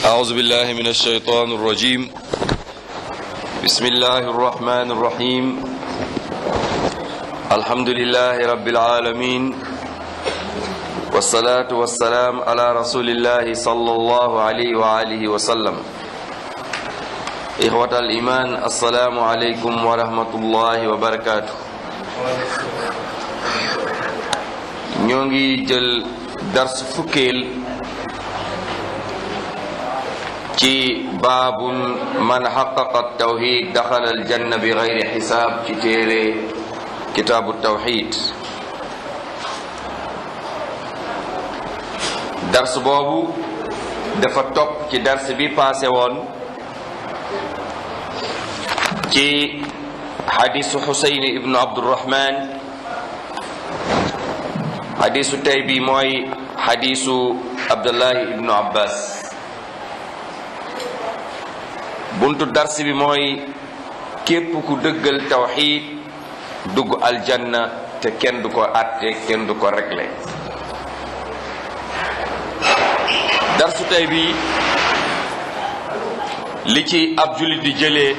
أعوذ بالله من الشيطان الرجيم بسم الله الرحمن الرحيم الحمد لله رب العالمين والصلاة والسلام على رسول الله صلى الله عليه وآله وسلم إخوة الإيمان السلام عليكم ورحمة الله وبركاته ñoo ngi jël dars fukkeel ci baabun man xaqaqa tawxid daxala aljanna bi gayri xisaab ci téere kitaabu tawxid dars boobu dafa topp ci dars bi paase woon ci xadisu xusayni ibnu abdurahman xadisu tey bi mooy xadisu abdullahi ibnu abbas buntu dars bi mooy képp ku dëggal tawxiid dugg aljanna te kenn du ko àtte kenn du ko réglé darsu tey bi li ci ab jullit di jëlee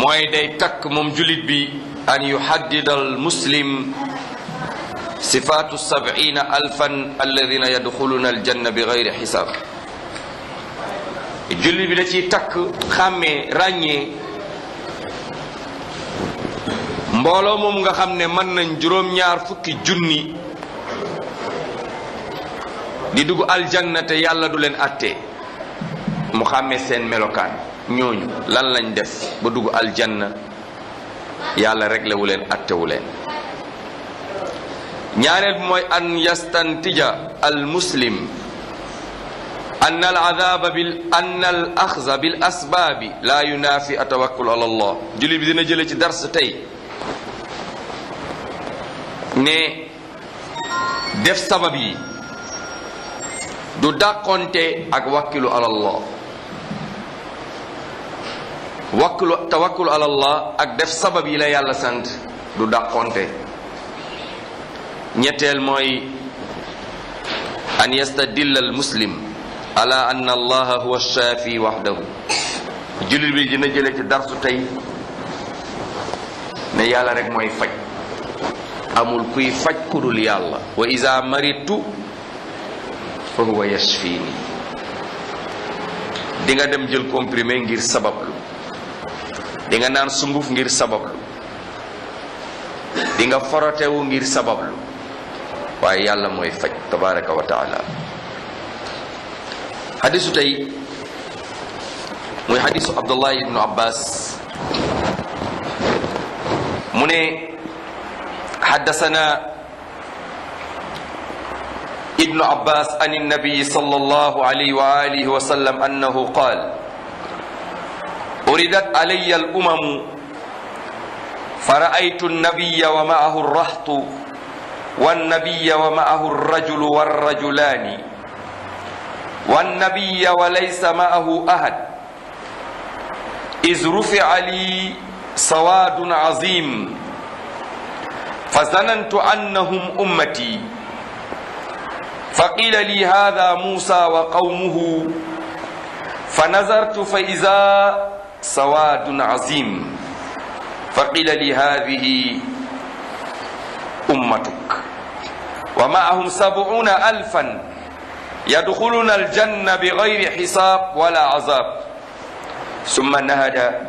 mooy day takk moom jullit bi an yuhaddida al muslim sifaatu sab'ina alfan alladina yadxuluna aljanna bi gayri xisaab jullit bi da ciy takk xàmmee ràññee mbooloo moom nga xam ne mën nañ juróom-ñaar fukki junni di dugg aljanna te yàlla du leen àtte mu xàmmee seen melokaan ñooñu lan lañ def ba dugg aljanna yàlla reglewu leen àttewu leen ñaareel mooy an yastantija al muslim أن العذاب بال أن الأخذ بالأسباب لا ينافي التوكل على jullit bi dina jëlee ci dars tey ne def sabab yi du dàqonte ak wakkilu ala Allah wakkilu ak def sabab yi la yàlla sant du dàqonte ñetteel mooy an yastadilla al muslim ala anna allaha huwa shaafi wahdahu jullit bi dina jële ci darsu tey ne yàlla rek mooy faj amul kuy faj ku dul yàlla wa iza maritu fa huwa yashfini di nga dem jël comprimé ngir sabablu dinga naan sunguf ngir sabablu di nga forotewu ngir sabablu waaye yàlla mooy faj tabaraka wa taala xadisu tey muy xadisu abdullah ibnu abbas mu ne xaddasana ibnu abbas an innabiyi sal allahu alayhi wa alihi wa sallam annahu qaal uridat alayya al umamu فرأيت النبي ومعه الرهط والنبي ومعه الرجل والرجلان والنبي وليس معه أحد إذ رفع لي سواد عظيم فظننت أنهم أمتي فقيل لي هذا موسى وقومه فنظرت فإذا سواد عظيم فقيل لي هذه أمتك ومعهم سبعون ألفاً يدخلون الجنة بغير حساب ولا عذاب ثم نهد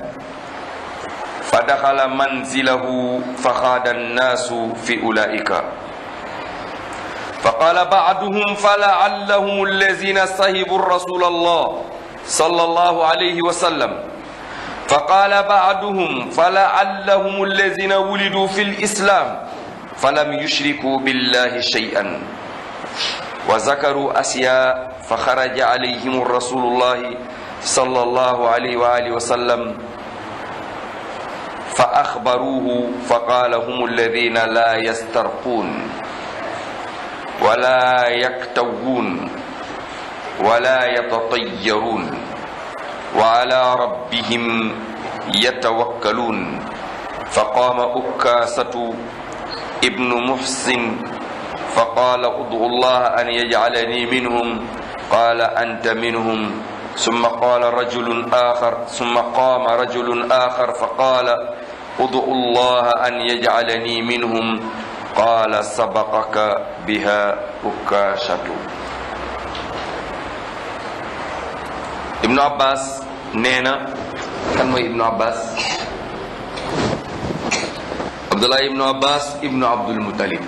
فدخل منزله فخاد الناس في أولئك فقال بعضهم فلعلهم الذين صهبوا رسول الله صلى الله عليه وسلم فقال بعضهم فلعلهم الذين ولدوا في الإسلام فلم يشركوا بالله شيئا wa zakaru asiya fa xaraja alayhim rasulullahi sallallahu alayhi wa alihi wa sallam fa axbaruhu fa qaala hum alladina la yastarquun wala yaktawuun wala yatatayaruun wa ala rabbihim yatawakkaluun fa qaama ukkaasatu ibnu muhsin فقال ادعوا الله أن يجعلني منهم قال أنت منهم ثم قال رجل آخر ثم قام رجل آخر فقال ادعوا الله أن يجعلني منهم قال سبقك بها أكاشة Ibnu Abbas nee na kan mooy Ibnu Abbas Abdullah Ibnu Abbas Ibnu Abdul Muttalib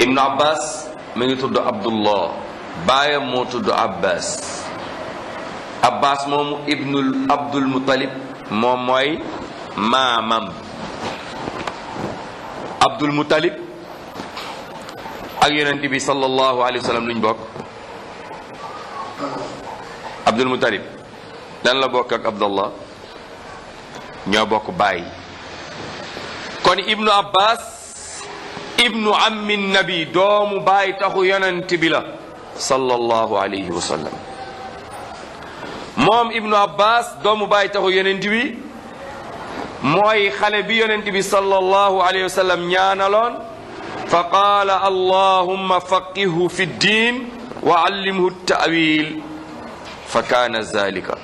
ibnu abbas mi ngi tudd abdullah baayam moo tudd abbas abbas moomu ibnu abdul muttalib moom mooy maamam abdul muttalib ak yonent bi sallallahu alayhi wa sallam luñ bokk abdul muttalib lan la bokk ak abdallah ñoo bokk bàyyi kon ibnu abbas ibnu ammi nabi doomu baay taxu yonent bi la sallallahu alayhi wa sallam moom ibnu abbas doomu baay taxu yonent bi mooy xale bi yonent bi sallallahu alayhi wa sallam ñaanaloon fa qaala allahumma faqihu fi ddin wa allimhu ta'wil fa kaana zalika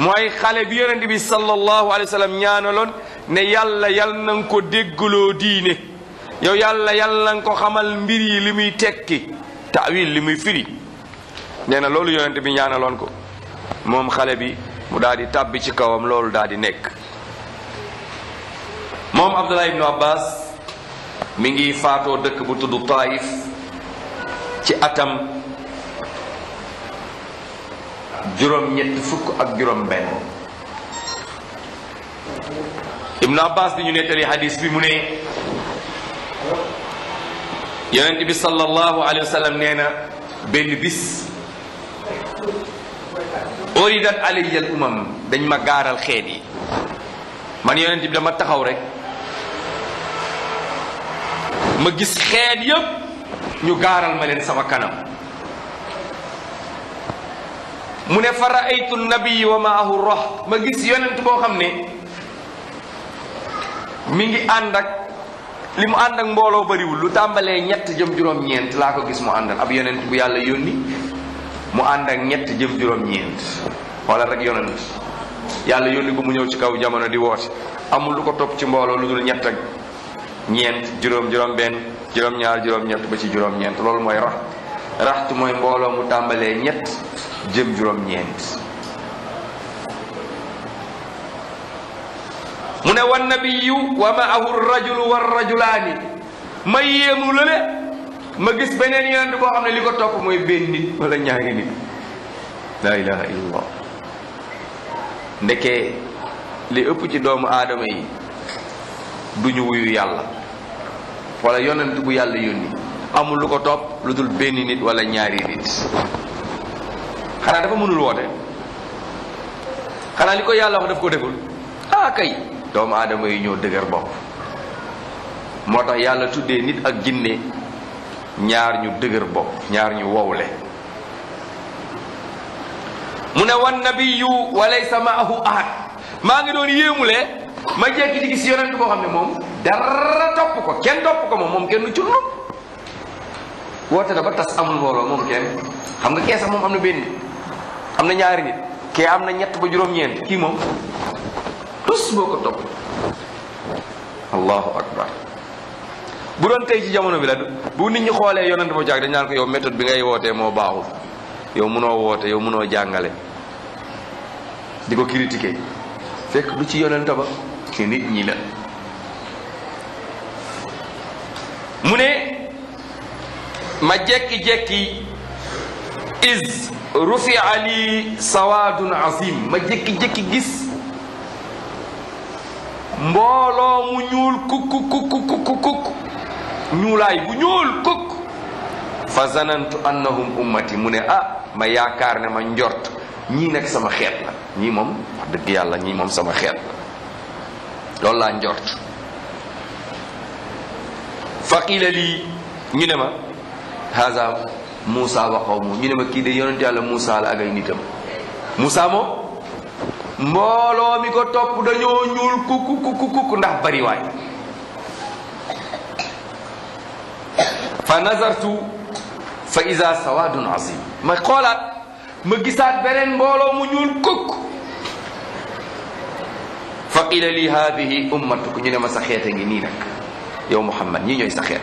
mooy xale bi yonent bi sallallahu alayhi wa sallam ñaanaloon ne yàlla yal na nga ko déggaloo diine yow yàlla yàlla nga ko xamal mbir yi li muy tekki taawil li muy firi nee na loolu yonent bi ñaanaloon ko moom xale bi mu daldi tàbbi ci kawam loolu daal di nekk moom Abdullah ibnu Abbas mi ngi faatoo dëkk bu tudd Taif ci atam juróom ñett fukk ak juróom benn Ibnu Abbas bi ñu nettali hadis bi mu ne yonent bi sallallahu alayhi wa sallam nee na benn bis uridat alayya al dañ ma gaaral xeet yi man yonent bi dama taxaw rek ma gis xeet yépp ñu gaaral ma leen sama kanam mu ne fa raaytu nabi wa maahu rox ma gis yonent boo xam ne mi ngi ànd li mu ànd ak mbooloo bariwul lu tàmbalee ñett jëm juróom-ñeent laa ko gis mu àndal ab yonent bu yàlla yónni mu ànd ak ñett jëm juróom-ñeent wala rek yonent yàlla yónni bu mu ñëw ci kaw jamono di woote amul lu ko topp ci mbooloo lu dul ñett ak ñeent juróom juróom benn juróom ñaar juróom ñett ba ci juróom ñeent loolu mooy rax raxtu mooy mbooloo mu tàmbalee ñett jëm juróom ñeent mu ne wan nabiyu wa maahu rajulu wa rajulaani ma yéemu lële ma gis beneen yonent boo xam ne li ko topp mooy benn nit wala ñaari nit laa li ëpp ci doomu aadama yi duñu wuyu yàlla wala yonent bu yàlla yónni lu dul benn wala ñaari xanaa dafa mënul woote xanaa li ko yàlla wax daf ko deful ah kay doomu aadama yi ñoo dëgër bopp moo tax yàlla tuddee nit ak ginne ñaar ñu dëgër bopp ñaar ñu wowle mu ne wan nabiyu walaysa maahu ahad maa ngi doon yéemule ma jekki ci gis yonent boo xam ne moom dara topp ko kenn topp ko moom moom kenn nu curlu woote na ba tas amul mbooloo moom kenn xam nga kee moom am na benn am na ñaari nit kee am na ñett ba juróom-ñeent kii moom bés boo ko topp allahu akbar bu doon tey ci jamono bi la bu nit ñi xoolee yonent ba jaag dañ naan ko bi ngay wootee moo baaxul yow mënoo woote yow mënoo jàngale di ko critiquer fekk du ci yonent ba ci nit ñi la mu ne ma jekki-jekki is rufi ali sawaadun azim ma jékki-jékki gis mbooloo mu ñuul kukk kukk kukk ñuulaay bu ñuul kukk fa zanantu annahum ummati mu ne ah ma yaakaar ne ma njort ñii nag sama xeet la ñii moom wax dëgg yàlla ñii moom sama xeet la loolu laa njort fa qiila lii ñu ne ma haza Moussa wa qawmu ñu ne ma kii de yonent yàlla Moussa la ak ay nitam Moussa moom mbooloo mi ko topp dañoo ñuul kukk ndax bari ndax bariwaay fa nazartu fa ida sawadun azim ma xoolaat ma gisaat beneen mbooloo mu ñuul kukk fa qila li hadihi ummatuk ñu ne ma sa xeet a ngi nii nag yow muhammad ñi ñooy sa xeet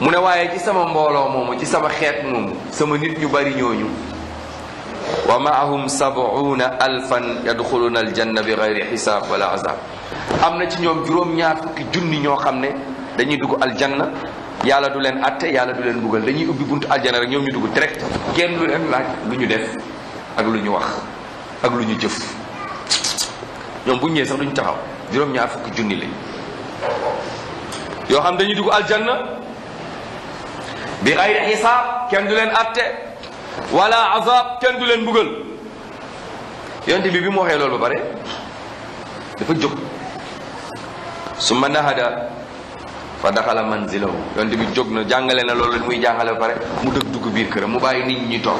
mu ne waaye ci sama mbooloo moomu ci sama xeet moomu sama nit ñu bari ñooñu wa maahum sabuuna alfan yadxuluuna aljanna bi gayri xisaab wala azab am na ci ñoom juróom-ñaar fukki junni ñoo xam ne dañuy dugg aljanna yàlla du leen atte yàlla du leen buggal dañuy ubbi buntu aljanna rek ñoom ñu dugg direct kenn du leen laaj lu ñu def ak lu ñu wax ak lu ñu jëf ñoom bu ñëwee sax duñu taxaw juróom-ñaar fukki junni lañ yoo xam dañuy dugg aljanna bi gayri xisaab kenn du leen atte wala azab kenn du leen mbugal yonte bi bi mu waxee loolu ba pare dafa jóg summa nahada fa daxala manzilahu yonte bi jóg na jàngale na loolu muy jàngale ba pare mu dëgg dugg biir këram mu bàyyi nit ñi toog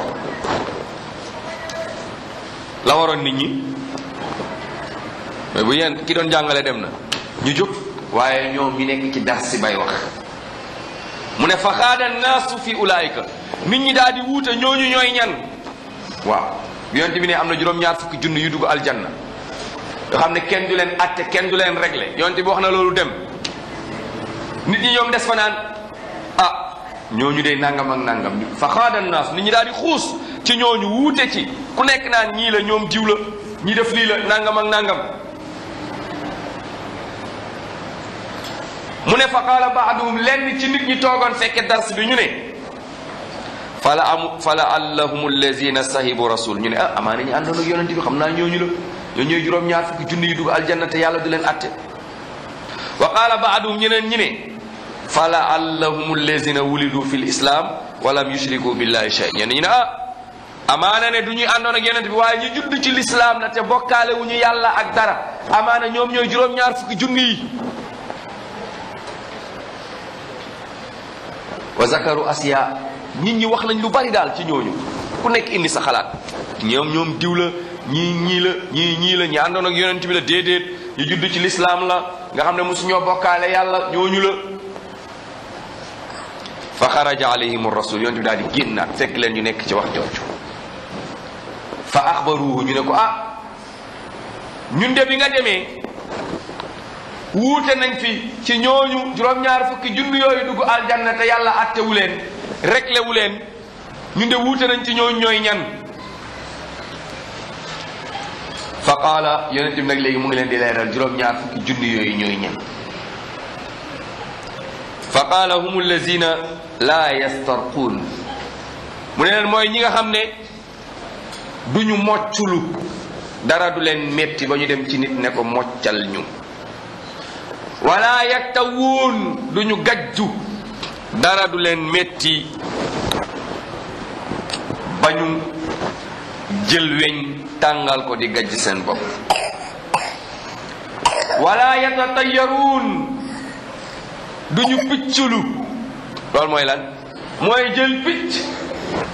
la waroon nit ñi bu yéen ki doon jàngale dem na ñu jóg waaye ñoom ñu nekk ci dar si bay wax mu ne fa xaada naasu fi ulaayika nit ñi daal di wuute ñooñu ñooy ñan waaw yonent bi ne am na juróom-ñaar fukki junn yu dugg aljanna yoo xam ne kenn du leen atte kenn du leen regle yonent bi wax na loolu dem nit ñi ñoom des fanaan naan ah ñooñu de nangam ak nangam fa xaada naas nit ñi daal di xuus ci ñooñu wuute ci ku nekk naan ñii la ñoom diw la ñi def lii la nangam nangam mu ne fa qaala baaduhum lenn ci nit ñi toogoon fekke dars bi ñu ne fala am fala allahum allazina sahibu rasul ñu ne ah amaana ñu àndoon ak yonent bi xam naa ñooñu la ñoo ñooy juróom-ñaar fukki junni yu dugg aljanna te yàlla du leen atte wa qaala baaduhum ñeneen ñi ne fala allahum allazina wulidu fi lislaam walam yushriku billahi shay ah, waaye ñu judd ci lislaam la te bokkaale wu ñu yàlla ak dara amaana ñoom ñooy juróom-ñaar fukki junni yi wa ñi ñi wax nañ lu bari daal ci ñooñu ku nekk indi sa xalaat ñoom ñoom diw ñii ñii la ñii ñii la àndoon ak yonent bi la déedéet ñu judd ci lislaam la nga xam ne mosu ñoo bokkaale yàlla ñooñu la fa xaraja alayhim rasul yonent bi daal di leen ñu nekk ci wax ñu ne ko ah ñun de bi nga demee wuute nañ fi ci ñooñu juróom-ñaar fukki junni yooyu dugg aljanna yàlla attewu leen réglé wu leen ñun de wuute nañ ci ñooñu ñooy ñan fa qaala yonent nag léegi mu ngi leen di leeral juróom-ñaar fukki junni yooyu ñooy ñan fa qaala hum allazina laa yastarquun mu ne leen mooy ñi nga xam ne du ñu mocculu dara du leen metti ba ñu dem ci nit ne ko moccal ñu wala yaktawuun du ñu gajju dara du leen metti ba ñu jël weñ tàngal ko di gàjj seen bopp wala yatatayaruun duñu picculu loolu mooy lan mooy jël picc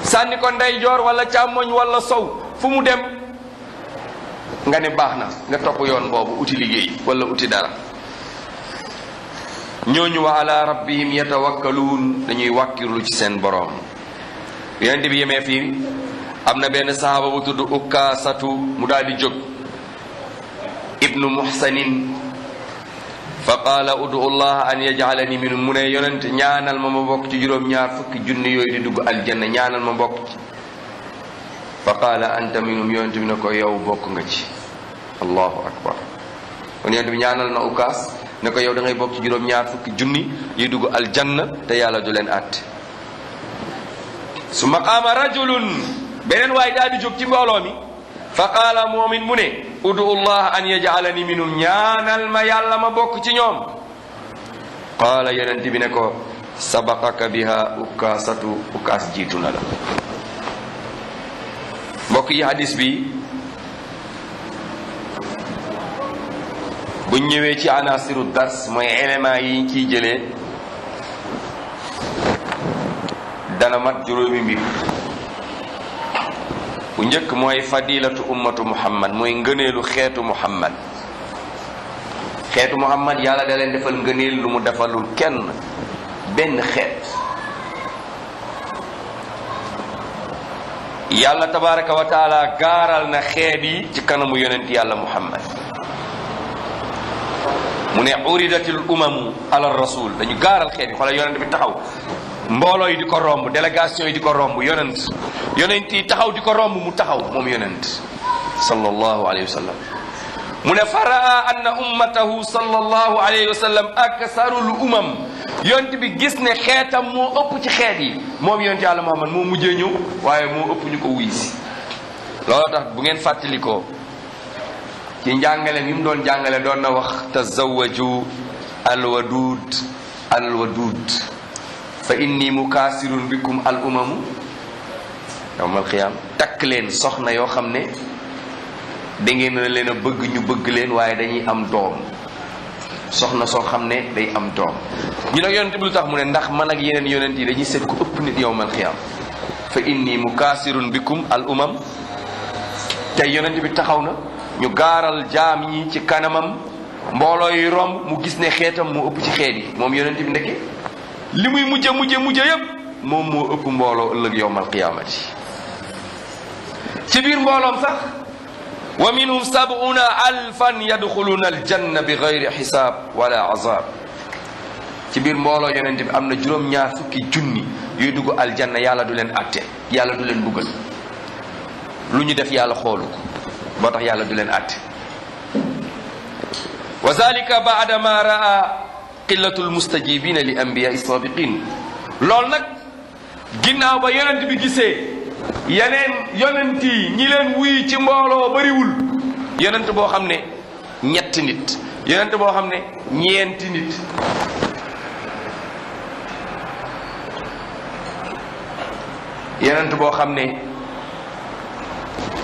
sànni ko ndeyjoor wala càmmoñ wala sow fu mu dem nga ne baax na nga topp yoon boobu uti liggéey walla uti dara ñooñu wa ala rabbihim yatawakkaluun dañuy wàkkirlu ci seen boroom yonent bi yemee fii am na benn sahaaba bu tudd mu daal di jóg ibnu muhsanin fa qaala udu llah an yaj'alani min mu ne yonent ñaanal ma ma ci juróom-ñaar fukki junni yooyu di dugg aljanna ñaanal ma bokk ci fa qaala anta minum yonent bi ne ko yow bokk nga ci allahu akbar kon yonent bi ñaanal na ukkaas ne ko yow da ngay bokk ci juróom-ñaar fukki junni yi dugg aljanna te yàlla du leen at su ma qaama rajulun beneen waay daal di jóg ci mbooloo mi fa qaala moomin mu ne udu allah an yajalani minum ñaanal ma yàlla ma bokk ci ñoom qaala yeneen bi ne ko sabaqaka biha ukaasatu ukaas jiitu na la mbokk yi hadis bi bu ñëwee ci anasiru dars mooy éléments yi ñu ciy jële dana mat juróomi mbir bu njëkk mooy fadilatu ummatu muhammad mooy ngëneelu xeetu muhammad xeetu muhammad yàlla da leen defal ngëneel lu mu defalul kenn benn xeet yàlla tabaraka wa taala gaaral na xeet yi ci kanamu yonent yàlla muhammad mu ne uridatil umamu ala rasul dañu gaaral xeet yi xoolal yonent bi taxaw mbooloo yi di ko romb délégation yi di ko romb yonent yonent yi taxaw di ko romb mu taxaw moom yonent sallallahu alayhi wa sallam mu ne faraa anna ummatahu sallallahu alayhi wa sallam aksarul umam yonent bi gis ne xeetam moo ëpp ci xeet yi moom yonent yàlla Muhammad moo mujjee ñëw waaye moo ëpp ko wuy si tax bu ngeen fàttalikoo ci njàngale mi mu doon jàngale doon na wax tazawaju alwadud alwadud fa inni mukaasirun bikum al umamu yawmal qiyaam takk leen soxna yoo xam ne dangeen na leen bëgg ñu bëgg leen waaye dañuy am doom soxna soo xam ne day am doom ñu nag yonent bi lu tax mu ne ndax man ak yeneen yonent yi dañuy set ko ëpp nit yawmal qiyaam fa inni mukaasirun bikum al umam te yonent bi taxaw na ñu gaaral jaam ñi ci kanamam mbooloo yi romb mu gis ne xeetam moo ëpp ci xeet yi moom yonent bi ndekke li muy mujj mujj mujje yépp moom moo ëpp mbooloo ëllëg yowmal qiyaamati ci biir mbooloom sax wa minhum sab'una alfan yadxuluuna aljanna bi gayri xisaab wala azab ci biir mbooloo yonent bi am na juróom yuy dugg aljanna yàlla du leen atte yàlla du leen buggal lu ñu def yàlla xoolu boo tax yàlla du leen àtte wa zalika baada ma raa qillatu lmustajibina li ambiyaai sabiqin loolu nag ginnaaw ba yonent bi gisee yeneen yonent yi ci mbooloo bariwul yonent boo xam ne ñetti nit yonent boo xam ne ñeenti nit boo xam ne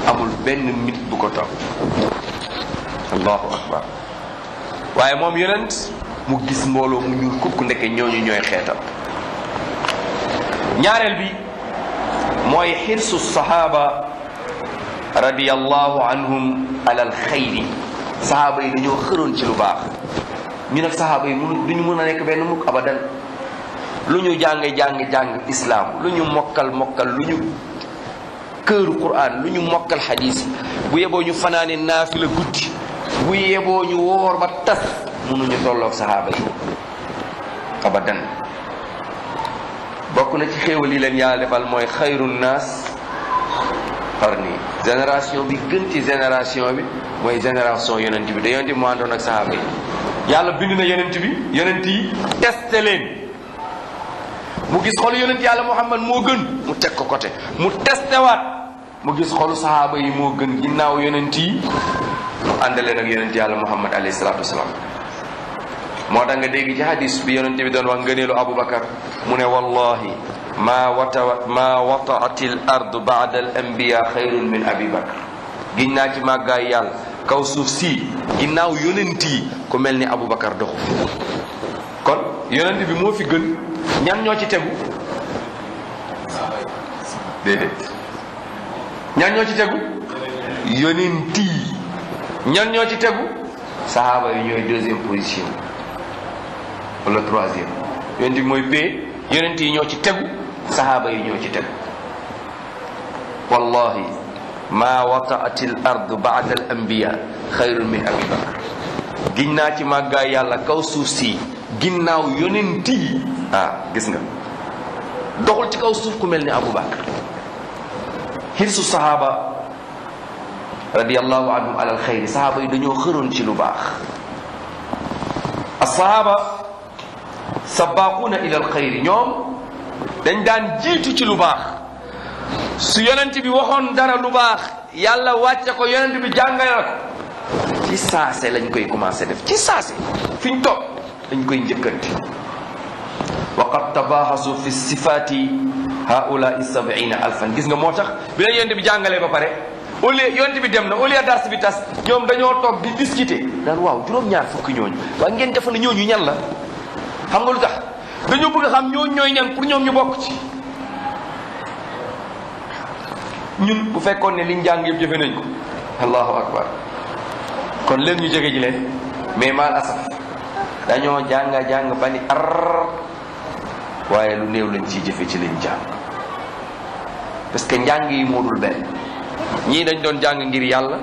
amul benn mit bu ko topp allahu akbar waaye moom yonent mu gis mbooloo mu ñuul kukk ndekke ñooñu ñooy xeetam ñaareel bi mooy xirsu sahaaba radiyallahu anhum alal xayri saxaaba yi dañoo xëroon ci lu baax ñu nag sahaaba yi mënu duñu mën a nekk benn mukk abadan lu ñu jàng jàng jàng islaam lu ñu mokkal mokkal lu ñu këru Qur'an lu ñu mokkal xadiis bu yeboo ñu fanaane naafi la guddi bu yeboo ñu woor ba tas mënuñu tolloog saxaaba yi abadan bokk na ci xéewal yi leen yàlla defal mooy xayru naas xarni génération bi gën ci génération bi mooy génération yonent bi da yonent bi mu àndoon ak saxaaba yi yàlla bind na yonent bi yonent yi testé leen mu gis xol yonent yàlla Muhammad moo gën mu teg ko côté mu testé waat mu gis xolu saxaaba yi moo gën ginnaaw yonent yi àndale nag yonent yàlla muhammad alayhi salaatu wasalaam moo tax dégg ci hadis bi yonent bi doon wax ngëneelu abu bakar mu ne wallahi ma wata ma wataat al ard baada al anbiya min abi bakar giñ ci màggaay yàlla kaw suuf si ginaaw yonent yi ku mel ni abu bakar doxu kon yonent bi moo fi gën ñan ñoo ci tegu ñan ñoo ci tegu yonent yi ñan ñoo ci tegu saxaaba yi ñooy deuxième position wala troisième yonent bi mooy bee yonent yi ñoo ci tegu saxaaba yi ñoo ci tegu wallahi maa wataat al ard baada al anbiya xayrun min abi bakar giñ naa ci màggaay yàlla kaw suuf si ginnaaw yonent yi ah gis nga doxul ci kaw suuf ku mel ni abou bakar xirsu sahaaba radiallahu anhum alal xayri sahaaba yi dañoo xëroon ci lu baax asahaba sabaaquuna ilal xayri ñoom dañ daan jiitu ci lu baax su yonent bi waxoon dara lu baax yàlla wàcce ko yonent bi jàngale ko ci saase lañ koy commencé def ci saase fi ñu toog dañ koy njëkkante waqad tabahasu fi sifaati haula sabina alfan gis nga moo tax bi la yonent bi jàngalee ba pare au lieu yonent bi dem na au a dars bi tas ñoom dañoo toog di discuter naan waaw juróom-ñaar fukki ñooñu waaye ngeen defal na ñooñu ñan la xam nga lu tax dañoo bëgg a xam ñooñu ñooy ñan pour ñoom ñu bokk ci bu fekkoon ne liñ jàng yëpp jëfe nañ ko allahu akbar kon leen ñu jege ñu leen mais maal asaf dañoo jàng jàng bani ar waaye lu néew lañ ciy jëfe ci liñ jàng parce que njàng yi moo dul benn ñii dañ doon jàng ngir yàlla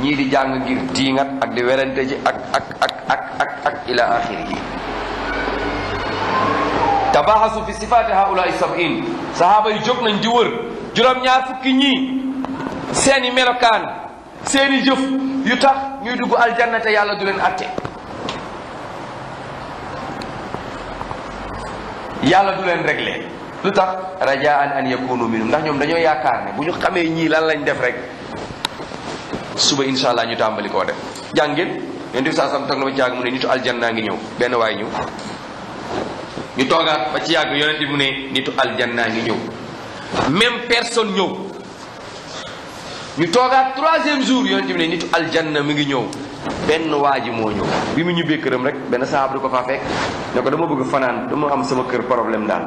ñii di jàng ngir diingat ak di werante ji ak ak ak ak ak ak ila axiri yi tabaxasu fi sifaati haulaai sabin sahaaba yi jóg nañ di wër juróom-ñaar fukki ñii seeni melokaan seeni jëf yu tax ñuy dugg aljanna te yàlla du leen atte yàlla du leen réglé lu tax rajaan an yakunu minum ndax ñoom dañoo yaakaar ne bu ñu xamee ñii lan lañ def rek suba insha allah ñu tàmbali koo def jàngeen yonent bi saa sam toog na ba ci ngi ñëw benn waay ñëw ñu toogaat ba ci yàgg yonent bi mu ne nitu aljanna ngi ñëw même personne ñëw ñu toogaat troisième jour yonent bi ne nitu aljanna mi ngi ñëw benn waa ji moo ñëw bi mu ñibbee këram rek benn saab du ko faa fekk ne ko dama bëgg fanaan dama am sama kër problème daal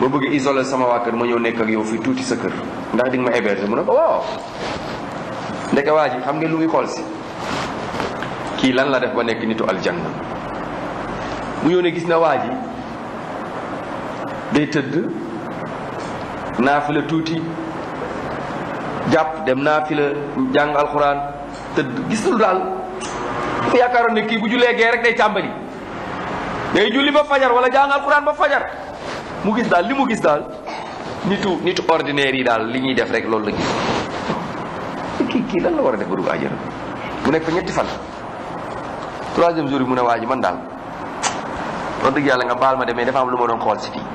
ma bëgg isolé sama waa kër ma ñëw nekk ak yow fi tuuti sa kër ndax di ma ma héberger mu ne ko waaw oh. ndeke waa ji xam ngeen lu muy xool si kii lan la def ba nekk nitu aljanna mu ñëw ne gis na waa ji day tëdd naa naafila tuuti jàpp dem naafila jàng alxuraan tëdd gisul daal dafa yaakaaroon ne kii bu jullee gee rek day càmbali day julli ba fajar wala jàng alxuraan ba fajar mu gis daal li mu gis daal nitu nitu ordinaire yi daal li ñuy def rek loolu la gis kii kii lan la war a def ba dugg àjjana mu nekk fa ñetti fan troisième jour bi mu ne waa ji man daal wax dëgg yàlla nga baal ma demee dafa am lu ma doon xool si fii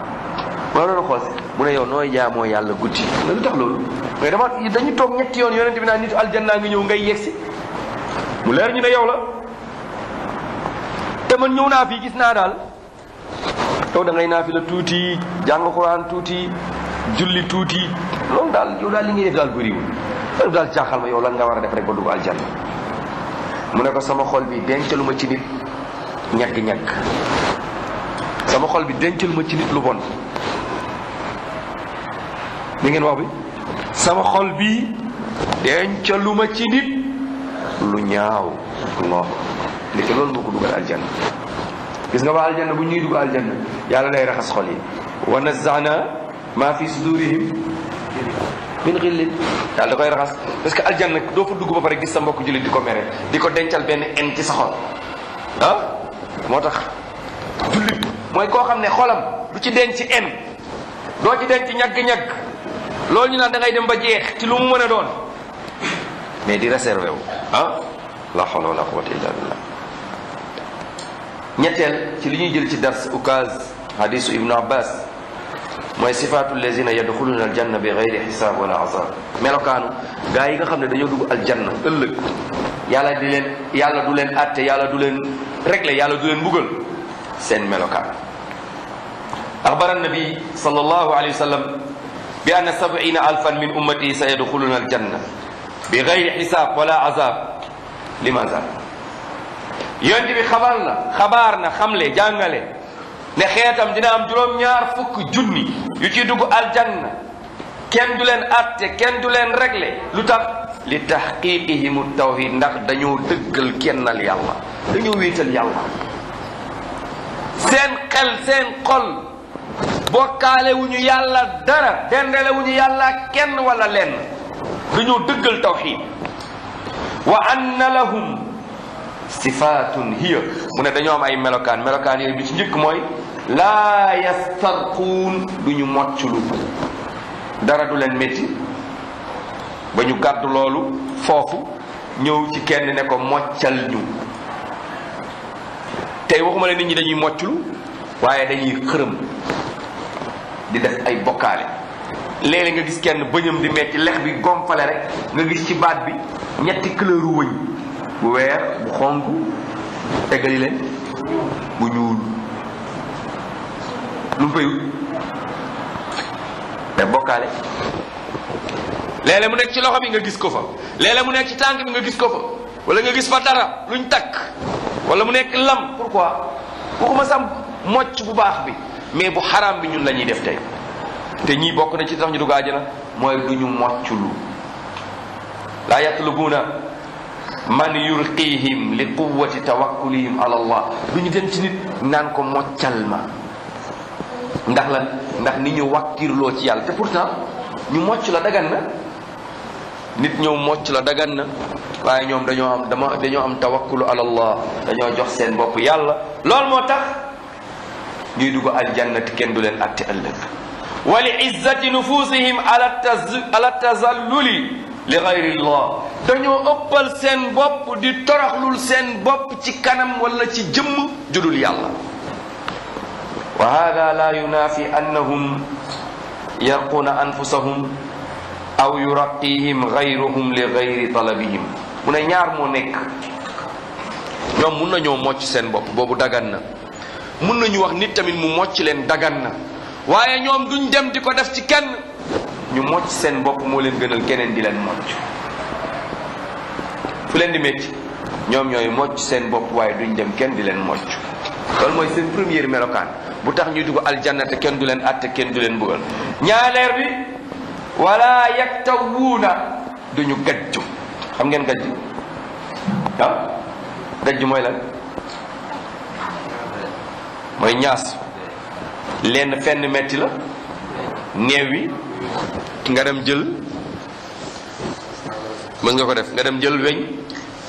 ma doon xool si mu ne yow nooy jaamoo yàlla guddi la lu tax loolu mais dafa dañu toog ñetti yoon yonent bi naan nitu aljanna ngi ñëw ngay yegsi mu leer ñu ne yow la te man ñëw naa fii gis naa daal yow da ngay naa fi la tuuti jàng Quraan tuuti julli tuuti loolu daal yow daal li ngay def daal bëriwul loolu daal jaaxal ma yow lan nga war a def rek ba dugg aljanna mu ne ko sama xol bi dencalu ma ci nit ñàkk ñàkk sama xol bi dencalu ma ci nit lu bon li ngeen wax bi sama xol bii dencaluma ci nit lu ñaaw allah ndeke loolu moo ko dugal aljanna gis nga waa aljanna bu ñuy dugg aljanna yàlla day raxas xol yi wa nazaana ma fi sudurihim min xillin yàlla da koy raxas parce que aljanna doo fa dugg ba pare gis sa mbokk jullit di ko mere di ko dencal benn en ci sa xol ah? moo tax jullit mooy koo xam ne xolam du ci denc en doo ci denc lool ñu naan da ngay dem ba jeex ci lu mu mën doon mais di réservé wu ah la hawla wala quwwata illa billah ñetteel ci li ñuy jël ci dars ukaz hadisu ibnu abbas mooy sifaatu lazina yadxuluna aljanna bi gayri xisaab wala azab melokaanu gaa yi nga xam ne dañoo dugg aljanna ëllëg yàlla di leen yàlla du leen atte yàlla du leen réglé yàlla du leen mbugal seen melokaan axbara nabi sallallahu alayhi wa bi anna sab'ina alfan min ummati sa yadxuluna aljanna bi gayri xisaab wala azab liman zal yonent bi xabar na xabaar na xamle jàngale ne xeetam dina am juróom-ñaar fukk junni yu ci dugg aljanna kenn du leen atte kenn du leen réglé lu tax li taxqiqihimu tawhid ndax dañoo dëggal kennal yàlla dañoo wéetal yàlla seen xel seen xol bokkaale wu yàlla dara dendale wu yàlla kenn wala lenn dañoo dëggal tawxid wa anna lahum sifatun hiya mu ne dañoo am ay melokaan melokaan yooyu bi ci njëkk mooy laa yastarquun du ñu dara du leen métti ba ñu gàddu loolu foofu ñëw ci kenn ne ko moccal ñu tey waxuma nit ñi dañuy mocclu waaye dañuy xërëm di def ay bokkaale léeg nga gis kenn bëñam di metti lex bi gomfale rek nga gis ci baat bi ñetti couleur u wëñ bu weer bu xonk tegali bu ñuul lu mu fayut mais bokkaale léeg mu nekk ci loxo bi nga gis ko fa léeg mu nekk ci tànk bi nga gis ko fa wala nga gis fa dara luñ takk wala mu nekk lam pourquoi waxuma sam mocc bu baax bi mais bu xaraam bi ñun la ñuy def tey te ñii bokk na ci tax ñu dugg àjjana mooy du ñu mocculu laa yatlubuuna man yurqiihim li quwati tawakkulihim ala allah du ñu dem ci nit naan ko moccal ma ndax la ndax ni ñu wàkkirloo ci yàlla te pourtant ñu mocc la dagan na nit ñëw mocc la dagan na waaye ñoom dañoo am dama dañoo am tawakkulu ala dañoo jox seen bopp yàlla loolu moo tax ñuy dugg aljannati kenn du leen atte ëllëg wa li izzati nufusihim ala tazalluli li gayrillah dañoo ëppal seen bopp di toraxlul seen bopp ci kanam wala ci jëmm judul yàlla wa hada la yunafi annahum yarquuna anfusahum aw yuraqihim gayruhum li gayri talabihim mu ne ñaar moo nekk ñoom mun nañoo mocc seen bopp boobu dagan na mun nañu wax nit tamit mu mocc leen dagan na waaye ñoom duñ dem di ko def ci kenn ñu mocc seen bopp moo leen gënal keneen di leen mocc fu leen di métti ñoom ñooy mocc seen bopp waaye duñ dem kenn di leen mocc loolu mooy seen première melokaan bu tax ñu dugg aljanna te kenn du leen atte kenn du leen bëggal ñaareel bi wala na duñu gajju xam ngeen gajju ah gajju mooy lan mooy ñaas lenn fenn metti la neew yi nga dem jël mën nga ko def nga dem jël weñ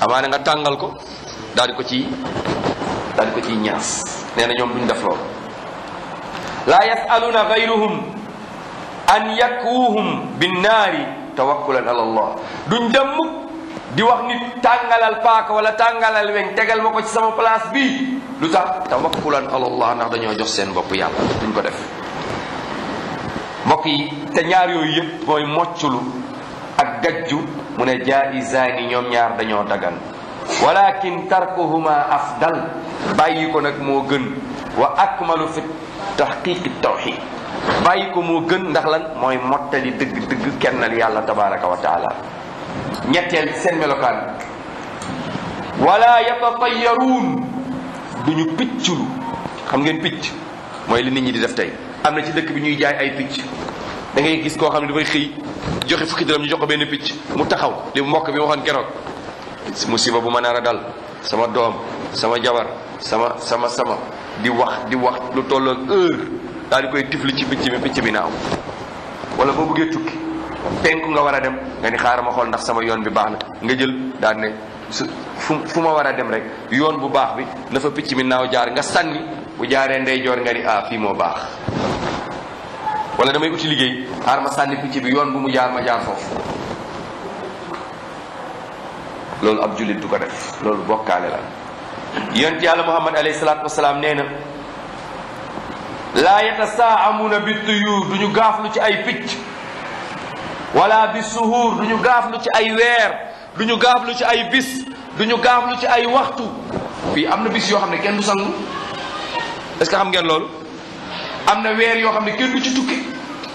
amaana nga tàngal ko daal di ko ci ko ciy ñaas nee na ñoom duñ def loolu laa yasaluna gayruhum an yakwuhum binnaari tawakkulan ala duñ dem di wax nit tàngalal paaka wala tàngalal weñ tegal ma ko ci sama place bi lu tax tawakkulan alallah ndax dañoo jox seen bopp yàlla duñ ko def mbokk yi te ñaar yooyu yëpp mooy mocculu ak gajju mu ne jaa'izaani ñoom ñaar dañoo dagan walakin tarkuhuma afdal bàyyi ko nag moo gën wa akmalu fi tahqiqi tawxid bàyyi ko moo gën ndax lan mooy mottali dëgg dëgg kenn kennal yàlla tabaraka wa taala ñetteel seen melokaan wala yatatayaruun du ñu picculu xam ngeen picc mooy li nit ñi di def tey am na ci dëkk bi ñuy jaay ay picc dangay gis koo xam ne dafay xëy joxe fukki dërëm ñu jox ko benn picc mu taxaw li mu mbokk bi waxoon keroog musiba bu ma naar a dal sama doom sama jabar sama sama sama di wax di wax lu tolloog heure daal di koy tifli ci picc mi picc mi naaw wala boo bëggee tukki penku nga war a dem nga ni xaaral ma xool ndax sama yoon bi baax na nga jël daan ne su fu fu ma war a dem rek yoon bu baax bi na picc mi naaw jaar nga sànni bu jaaree ndeyjoor nga ni ah fii moo baax wala damay uti liggéey xaar ma sànni picc bi yoon bu mu jaar ma jaar foofu loolu ab jullit du ko def loolu bokkaale la yonent yàlla muhammad alayhi salaatu wasalaam nee na laa yatasaamuuna bi tuyuur du ñu gaaflu ci ay picc wala bi suhuur du ñu gaaflu ci ay weer du ñu gaaflu ci ay bis du ñu gaaflu ci ay waxtu fii am na bis yoo xam ne kenn du sangu est que xam ngeen loolu am na weer yoo xam ne kenn du ci tukki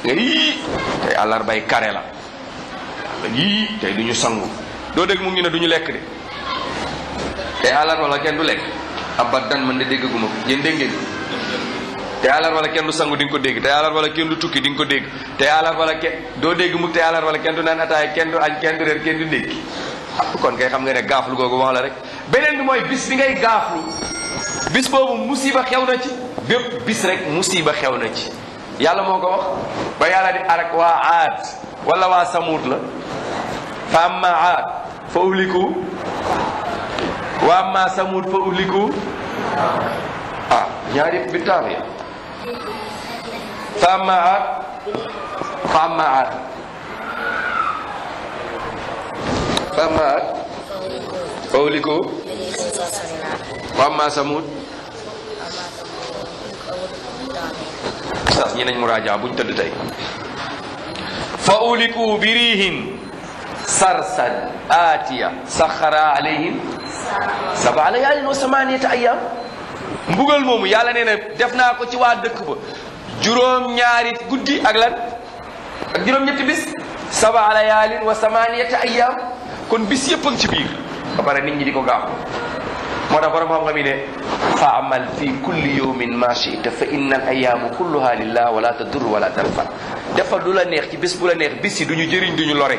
yii tey bay kare la yii tey du ñu sangu doo dégg mu ngi ne du ñu lekk de tey àllarba la kenn du lekk abadan man de déggaguma ko yéen dégg ngeen te àllarba la kenn du sangu di ko dégg te àllarba la kenn di ko dégg te àllarba la doo dégg mukk te àllarba la kenn du naan ataay kenn du añ kenn du reer kenn du kon kay xam nga ne gaaflu googu wax la rek beneen bi mooy bis bi ngay gaaflu bis boobu musiba xew na ci bépp bis rek musiba xew na ci yàlla moo ko wax ba yàlla di arak waa aad wala waa samuut la fa amma aad fa uhliku wa amma samuut fa uhliku ah ñaari bi taaf ya سمعت سمعت سمعت قولكم وأما ثمود sax ñi nañ muraaja buñ tëdd tey fa uliku bi riihin sarsan aatiya saxara alayhim saba layaalin wa samaniyata ayam mbugal moomu yàlla nee na def naa ko ci waa dëkk ba juróom-ñaari guddi ak lan ak juróom-ñetti bis saba layaalin wa samaniyati ayyaam kon bis yëpp a ci biir ba pare nit ñi di ko gaaw moo tax borom xam-xam yi fa amal fi kulli yawmin ma chita fa inna al ayaamu kulluha wa wala tadur wala lu la neex ci bis bu la neex bis yi du ñu jëriñ du ñu lore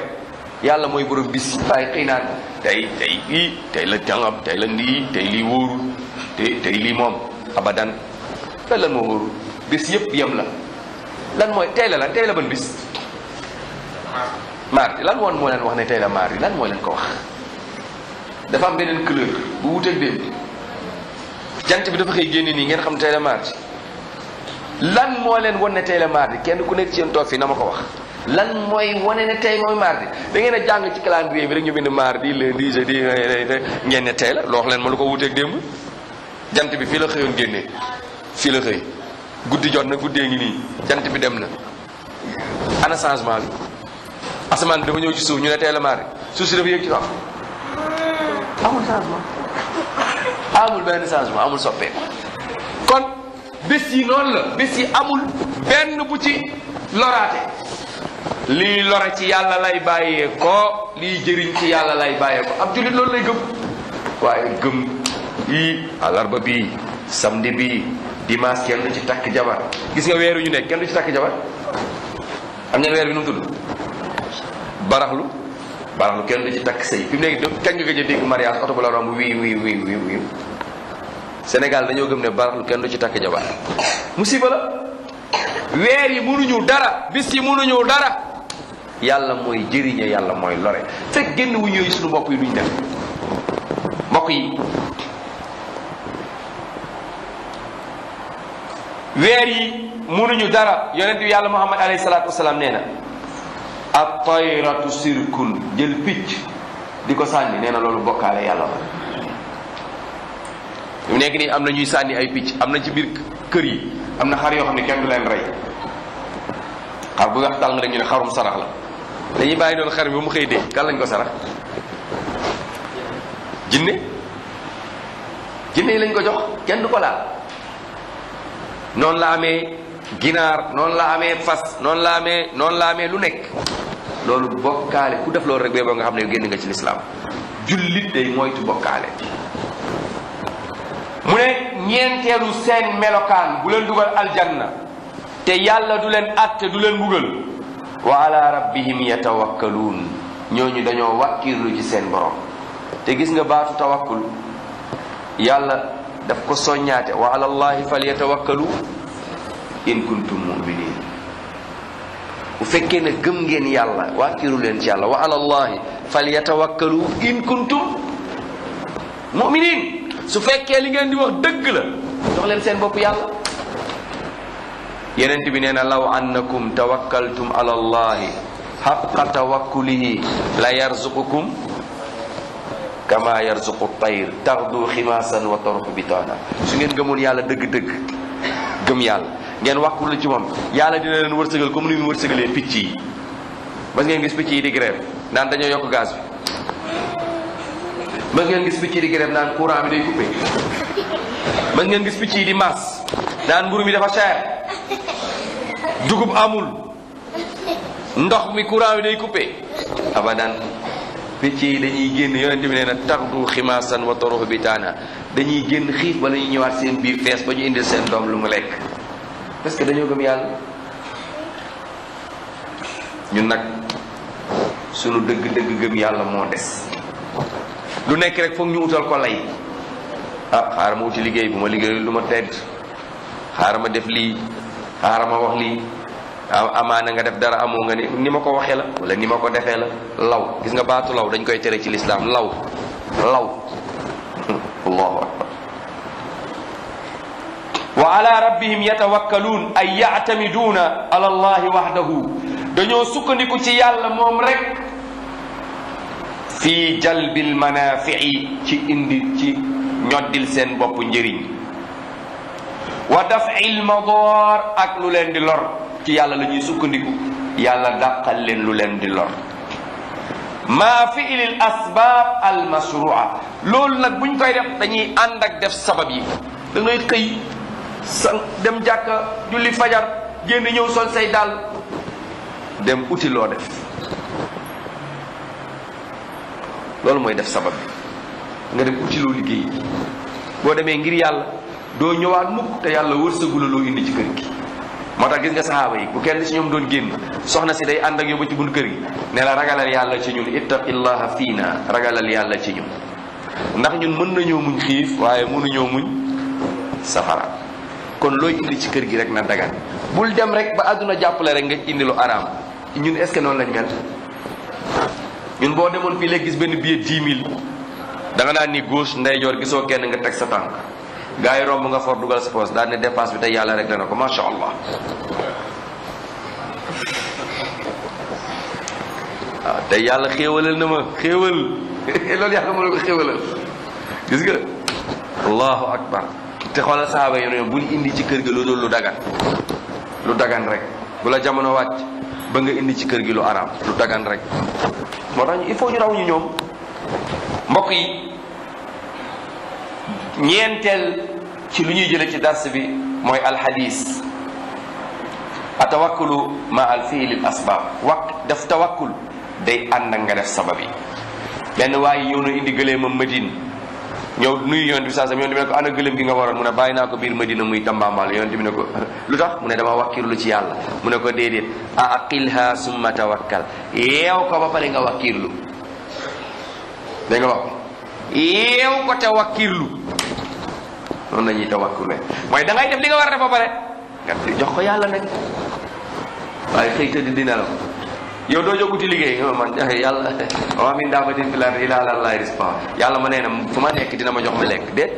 yàlla mooy borom bis yi bàyyi xëy naan tey ii tey la jàngam tey la nii tey lii wóorul te tey lii moom abadan te lan moo wóorul bis yëpp yem la lan mooy tey la lan tey moo leen wax ne tey la lan moo leen ko wax dafa am beneen couleur bu wuteeg démb jant bi dafa xëy génne nii ngeen xam tey la mardi lan moo leen wan ne tey la mardi kenn ku nekk ci yéen toog fii na ma ko wax lan mooy wane ne tey mooy mardi da ngeen a jàng ci calendrier bi rek ñu bind mardi lundi jeudi ngeen ne tey la loo leen ma lu ko wuteeg démb jant bi fii la xëyoon génnee fii la xëy guddi jot na guddee ngi nii jant bi dem na ana changement bi asamaan dafa ñëw ci suuf ñu ne teel a maare suuf si dafa yëg ci kaw amul changement amul benn changement amul soppeeku kon bés yi noonu la bés yi amul benn bu ci loraate lii lore ci yàlla lay bàyyee ko lii jëriñ ci yàlla lay bàyyee ko ab jullit loolu lay gëm waaye gëm yii alarba bii samedi bii dimanche kenn du ci takk jabar gis nga weer wi ñu nekk kenn du ci takk jabar am ngeen weer bi nu mu tudd baraxlu baraxlu kenn du ci takk sëy fi mu nekk kañ nga gëj dégg mariage oto bu la romb wii wii wii wii Sénégal dañoo gëm ne baraxlu kenn du ci takk jabar musiba la weer yi mënuñu dara bis yi mënuñu dara yàlla mooy jëriñe yàlla mooy lore fekk génn wu ñooyu suñu mbokk yi duñ def mbokk yi weer yi munuñu dara yonent bi yàlla muhammad alayhi salaatu wasalaam nee na ab tayratu sirkun jël picc di ko sànni nee na loolu bokkaale yàlla la nekk nii am na ñuy sànni ay picc am na ci biir kër yi am na xar yoo xam ne kenn du leen rey xar bu weex tàll nga dañu ne xarum sarax la dañuy bàyyi doon xar bi ba mu xëy dee kan lañ ko sarax jinne jinne yi lañ ko jox kenn du ko laal noonu laa amee ginaar noonu la amee fas noonu la amee noonu la amee lu nekk loolu bokkaale ku def loolu rek bee boo nga xam ne génn nga ci lislaam jullit day moytu bokkaale mu ne ñeenteelu seen melokaan bu leen dugal aljanna te yàlla du leen atte du leen mbugal wa ala rabbihim yatawakkaluun ñooñu dañoo wàkkirlu ci seen borom te gis nga baatu tawakkul yàlla daf ko soññaate wa ala allahi falyatawakkalu in kuntum muminin bu fekkee ne gëm ngeen yàlla waakiru leen ci yàlla wa ala allahi in kuntum muminin su fekkee li ngeen di wax dëgg la jox leen seen bopp yàlla yenent bi nee na law annakum tawakkaltum ala allahi xaqa tawakkulihi la yarzuqukum kama yarzuqu tayr taxdu ximaasan wa taruhu bitaana su ngeen gëmoon yàlla dëgg-dëgg gëm yàlla ngeen wax wàkkul ci moom yàlla dina leen wërsëgal comme ni mu wërsëgalee picc yi ba ngeen gis picc yi di grève naan dañoo yokk bi ba ngeen gis picc yi di grève naan courant bi ngeen gis picc yi di maas naan mburu mi dafa cher dugub amul ndox mi courant bi day coupé abadan picc yi dañuy génn yonent bi nee na taxdu ximaasan wa bi bitaana dañuy génn xiif ba la ñëwaat seen biir fees ba ñu indil seen doom lu mu lekk parce que dañoo gëm yàlla ñun nag sunu dëgg-dëgg gëm yàlla moo des lu nekk rek foog ñu utal ko lay ah xaaral ma wuti liggéey bu ma liggéey lu ma tedd xaaral ma def lii xaaral ma wax lii waaw amaana nga def dara amoo nga ni ni ma ko waxee la ni ma ko defee la law gis nga baatu law dañ koy tere ci lislaam law law allahu akbar wa ala rabbihim yatawakkaluun ay yaatamiduuna ala allahi wahdahu dañoo sukkandiku ci yàlla moom rek fii jalbil manafii ci indi ci ñoddil seen boppu njëriñ wa dafil madaar ak lu leen di lor ci yàlla la ñuy sukkandiku yàlla dàqal leen lu leen di lor maa fiilil asbaab al masrua loolu nag buñ koy def dañuy ànd ak def sabab yi da ngay xëy sa dem jàkka julli fajar génn ñëw sol say daal dem uti loo def loolu mooy def sabab bi nga dem uti loo liggéey boo demee ngir yàlla doo ñëwaat mukk te yàlla wërsëgu la loo indi ci kër gi moo tax gis nga saxaaba yi bu kenn si ñoom doon génn soxna si day ànd ak yow ba ci bunt kër gi ne la ragalal yàlla ci ñun ittaqillaha fiina ragalal yàlla ci ñun ndax ñun mën nañoo muñ xiif waaye mënuñoo muñ safara kon looy indi ci kër gi rek na dagan bul dem rek ba àdduna jàppale rek nga indilu lu araam ñun est ce que noonu lañ mel ñun boo demoon fii léegi gis benn billet 10 000 da nga naan ni gauche ndeyjoor gisoo kenn nga teg sa tànk gaa yi romb nga for dugal sa poos daal ne dépense bi tey yàlla rek dana ko macha allah waaw ah, yàlla xéewalal na ma xéewal loolu yàlla mënul ko xéewalal gis nga allahu akbar te xoolal saaba yi ne bul indi ci kër gi lu dul lu dagan lu dagan rek bu la jamono wàcc ba nga indi ci kër gi lu araam lu dagan rek moo tax il faut ñu raw ñu ñoom mbokk yi ñeenteel ci lu ñuy jële ci dars bi mooy alxadis atawakkalu ma al a al asbaab waq daf tawakkul day ànd ak nga def sabab yi benn waaye ñëw na indi gëleemam Madine ñëw nuyu yonent bi saasam yonent bi ne ko a gëléem gi nga waroon mu ne bàyyi naa ko biir Madina muy tambaamaal yonent bi ne ko lu tax mu ne dama wakkirlu ci yàlla mu ne ko déedéet a aqilha summa tawakkal yeew ko ba pare nga wakkirlu yeew ko tawakkirlu noonu la ñuy tawakkule mooy da def li nga war a def ba pare nga jox ko yàlla nag waaye xëy tëdd dina la yow doo jóg uti liggéey oh, man yàlla wa min daabbatin fil yàlla ma nee fu ma nekk dina ma jox ma lekk déet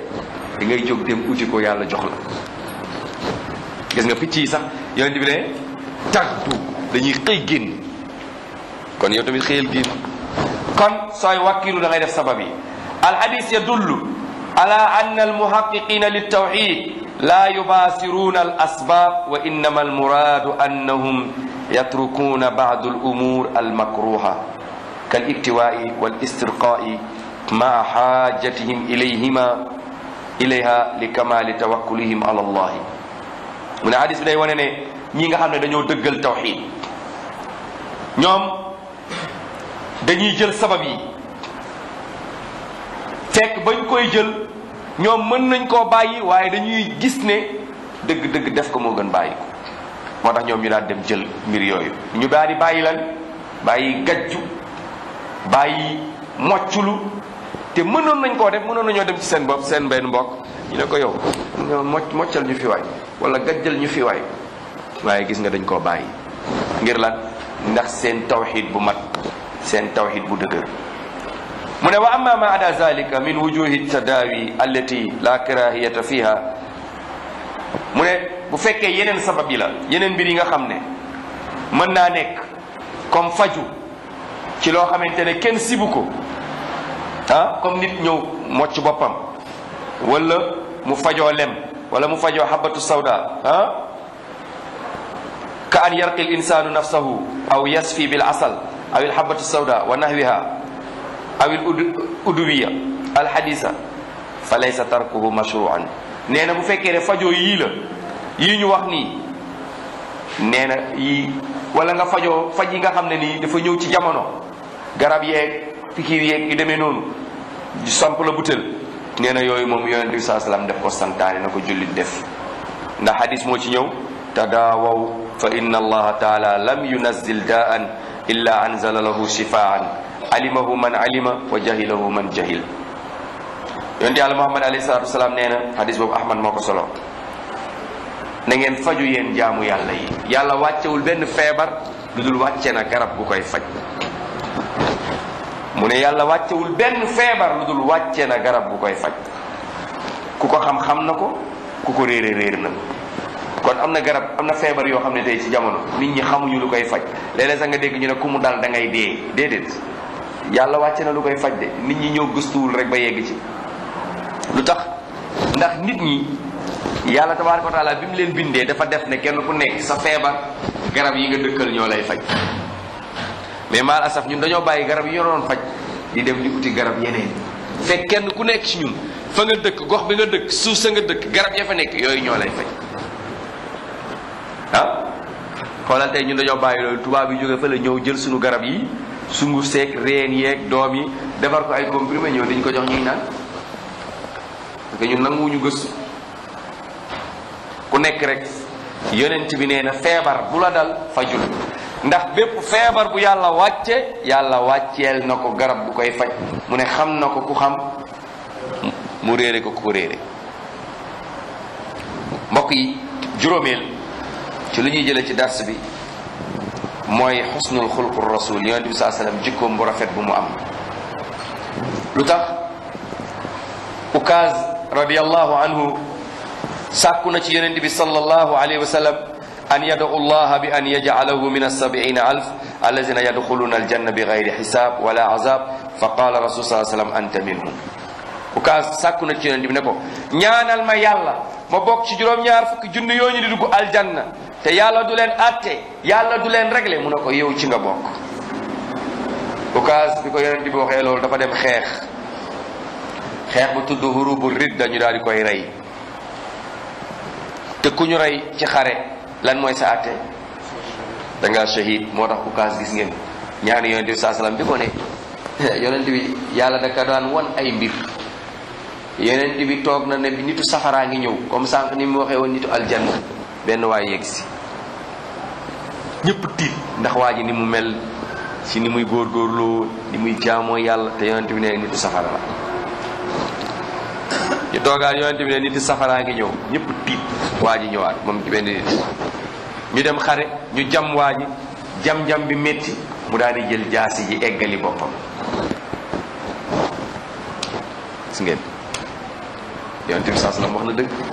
da ngay jóg dem uti ko yàlla jox la gis nga picc yi sax yonent bi ne tagdu dañuy xëy génn kon yow tamit xëyal génn kon sooy wàkkilu da ngay def sabab yi alhadis yadullu ala anna almuhaqiqina liltawxid la yubaasiruna al asbab wa innama almuradu annahum yatrukuna badu alumur almakruha kal iktiwaai walistirqaai maa xaajatihim ilayhima ilayha li kamali tawakkulihim ala allahi mu ne hadis bi day wane ne ñi nga xam ne dañoo dëggal tawxid ñoom dañuy jël sabab yi fekk bañ koy jël ñoom mën nañ koo bàyyi waaye dañuy gis ne dëgg-dëgg def ko moo gën bàyyi moo tax ñoom ñu daan dem jël mbir yooyu ñu daal di bàyyi lan bàyyi gajju bàyyi mocculu te mënoon nañ koo def mënoon nañoo dem ci seen bopp seen benn mbokk ñu ne ko yow mocc moccal ñu fi waay wala gajjal ñu fi waay waaye gis nga dañ koo bàyyi ngir la ndax seen tawxiid bu mat seen tawxiid bu dëgër mu ne wa amma ma ada zalika min wujuhi tadawi allati la kirahiyata fiha mu ne bu fekkee yeneen sabab yi la yeneen mbir yi nga xam ne mën naa nekk comme faju ci loo xamante ne kenn sibu ko ah comme nit ñëw mocc boppam wala mu fajoo lem wala mu fajoo habatu sawda ah ka an yarqi l nafsahu aw yasfi bil asal aw il habatu sawda wa nahwiha awil uduwiya alxadisa fa laysa tarkuhu mashruan nee na bu fekkee ne fajoo yii la yii ñu wax nii nee na yii wala nga fajoo faj yi nga xam ne nii dafa ñëw ci jamono garab yeeg pikiir yeeg yu demee noonu samp la butel nee na yooyu moom yonente bi saa salaam def ko santaane na ko jullit def ndax hadis moo ci ñëw tadaawaw fa inna allaha taala lam yunazzil daan illa anzala lahu shifaan alimahu man alima wa jahilahu man jahil yonte yàlla muhammad alayhi salatu wasalaam nee na hadis boobu ahmad moo ko solo na ngeen faju yéen jaamu yàlla yi yàlla wàccewul benn feebar lu dul wàcce na garab gu koy faj mu ne yàlla wàccewul benn feebar lu na garab gu koy faj ku ko xam-xam na ko ku ko réere réer na kon am na garab am na feebar yoo xam ne tey ci jamono nit ñi xamuñu lu koy faj léeg-léeg sax nga dégg ñu ne ku mu dal da ngay dee déedéet yàlla wàcce na lu koy faj de nit ñi ñoo gëstuwul rek ba yegg ci lu tax ndax nit ñi yàlla tabaaraka wa taala bi mu leen bindee dafa def ne kenn ku nekk sa feebar garab yi nga dëkkal ñoo lay faj mais maal asaf ñun dañoo bàyyi garab yi faj di dem di garab yeneen fekk kenn ku nekk ci ñun fa nga dëkk gox bi nga dëkk suuf sa nga dëkk garab ya fa nekk yooyu ñoo lay faj ah xoolal tey ñun dañoo bàyyi loolu tubaab yi jóge fa la ñëw jël suñu garab yi sungu seek reen yeeg doom yi defar ko ay comprimé ñëw dañ ko jox ñuy naan parce que ñun nanguwuñu gëstu ku nekk rek yonent bi nee na feebar bu la dal fajul ndax bépp feebar bu yàlla wàcce yàlla wàcceel na ko garab bu koy faj mu ne xam na ko ku xam mu réere ko ku ko réere mbokk yi juróomeel ci li ñuy jële ci dars bi mooy xusnul xulqu rasul yonent bi saa sallam jikkoom bu rafet bu mu am lu tax ukaas radiallahu anhu sàkku na ci yonent bi sallallahu alayhi wa sallam an yadau llaha bi an yajcalahu min alsabiina alf allazina yadxuluuna aljanna bi gayri xisaab wala azab fa qaala rasul saa sallam anta minhum ukaas sàkku na ci yonent bi ne ko ñaanal ma yàlla ma bokk ci juróom-ñaar fukki junni yooñu di dugg aljanna te yàlla du leen atte yàlla du leen réglé mu ne ko yow ci nga bokk ukaas bi ko yonent bi waxee loolu dafa dem xeex xeex bu tudd hurubu ridda ñu daal di koy rey te ku ñu rey ci xare lan mooy sa atte da ngaa moo tax ukaas gis ngeen ñaani yonent bi saa salaam bi ko ne yonent bi yàlla da ka daan won ay mbir yonent bi toog na ne bi nitu safaraa ngi ñëw comme sànq ni mu waxee woon nitu aljanna benn waay yegg si tiit ndax waa ji ni mu mel ci ni muy góorgóorloo ni muy jaamoo yàlla te yonent bi ne nitu safara la ñu toogaat yonent bi ne nitu safaraa ngi ñëw ñépp tiit waa ji ñëwaat moom benn nit ñu dem xare ñu jam waa ji jam-jam bi metti mu daal di jël jaasi ji eggali boppam gis ngeen yonent bi saas la wax na dëgg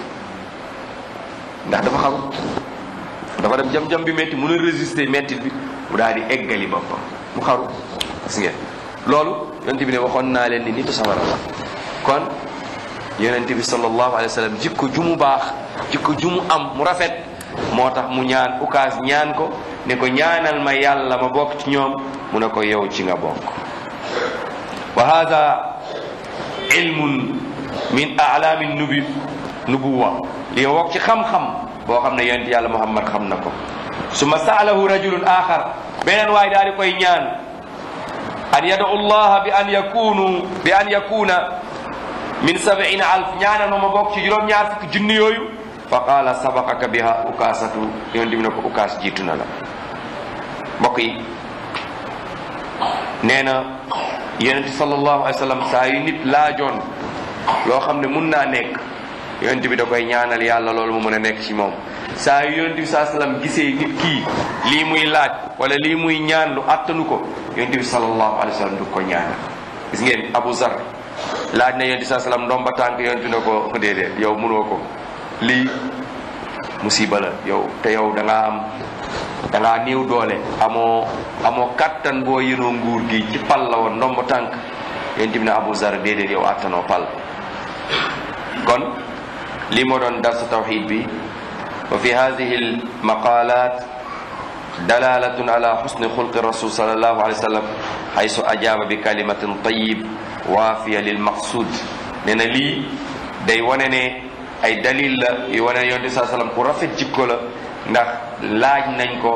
dafa dem jam-jam bi métti mun a résister mettit bi mu daal di eggali boppam mu xaru gis loolu yonent bi ne waxoon naa leen ni nitu sawara la kon yonent bi sallallahu alayhi wa sallam jikko ju baax jikko ju am mu rafet moo tax mu ñaan ukaas ñaan ko ne ko ñaanal ma yàlla ma bokk ci ñoom mu ne ko yow ci nga bokk wa hada ilmun min alaami nubi nubuwa li wokk ci xam-xam boo xam na yonent yàlla muhammad xam na ko su ma saalahu rajulun axar beneen waay daal di koy ñaan an yad'u llaha bi an yakunu bi an yakuna min sabiina alf ma ma bokk ci juróom-ñaar fukki junni yooyu fa qaala sabaqaka biha ukaasatu yonent bi ne ko ukaas jiitu na la mbokk yi nee na yonent loo xam ne mun naa nekk yonent bi da koy ñaanal yàlla loolu mu mën a nekk ci moom saa yu yonent bi saa salaam gisee nit kii lii muy laaj wala lii muy ñaan lu attanu ko yonent bi sallallahu alayhi gis ngeen Abu Zar laaj na yonent bi saa salaam ndomba tànk yonent bi na ko déedéet yow mënoo ko lii musiba la yow te yow da am da néew doole amoo amoo kattan boo yënoo nguur tànk yonent Abu Zar déedéet yow attanoo pal kon lii moo doon darsu tawxid bi wa fi hadihi al maqalat dalalatun ala xusni xulqi rasul salallahu alayhi wa sallam xaysu ajaaba bi kalimatin tayib waafiya lil maqsud nee na lii day wane ne ay dalil la yu wane ne yonent bi saa sallam ku rafet jikko la ndax laaj nañ ko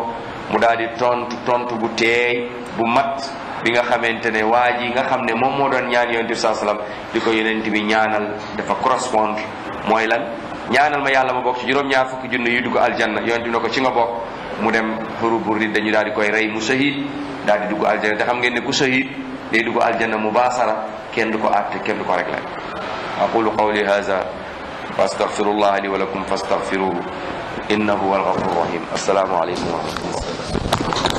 mu daal di tontu tontu bu teey bu mat bi nga xamante ne waa ji nga xam ne moom moo doon ñaan yonent bi saa salaam di ko yonent bi ñaanal dafa correspondre mooy lan ñaanal ma yàlla ma bokk ci juróom-ñaar fukki junne yu dugg aljanna yonent bi ne ko ci nga bokk mu dem xuru burdi dañu daal di koy rey mu sahid daal di dugg aljanna te xam ngeen ne ku sahid day dugg aljanna mubaasara kenn du ko àtte kenn du ko rek la aqulu qawli hadha wa astaghfirullah li wa lakum fastaghfiruhu innahu huwal ghafurur rahim assalamu alaykum wa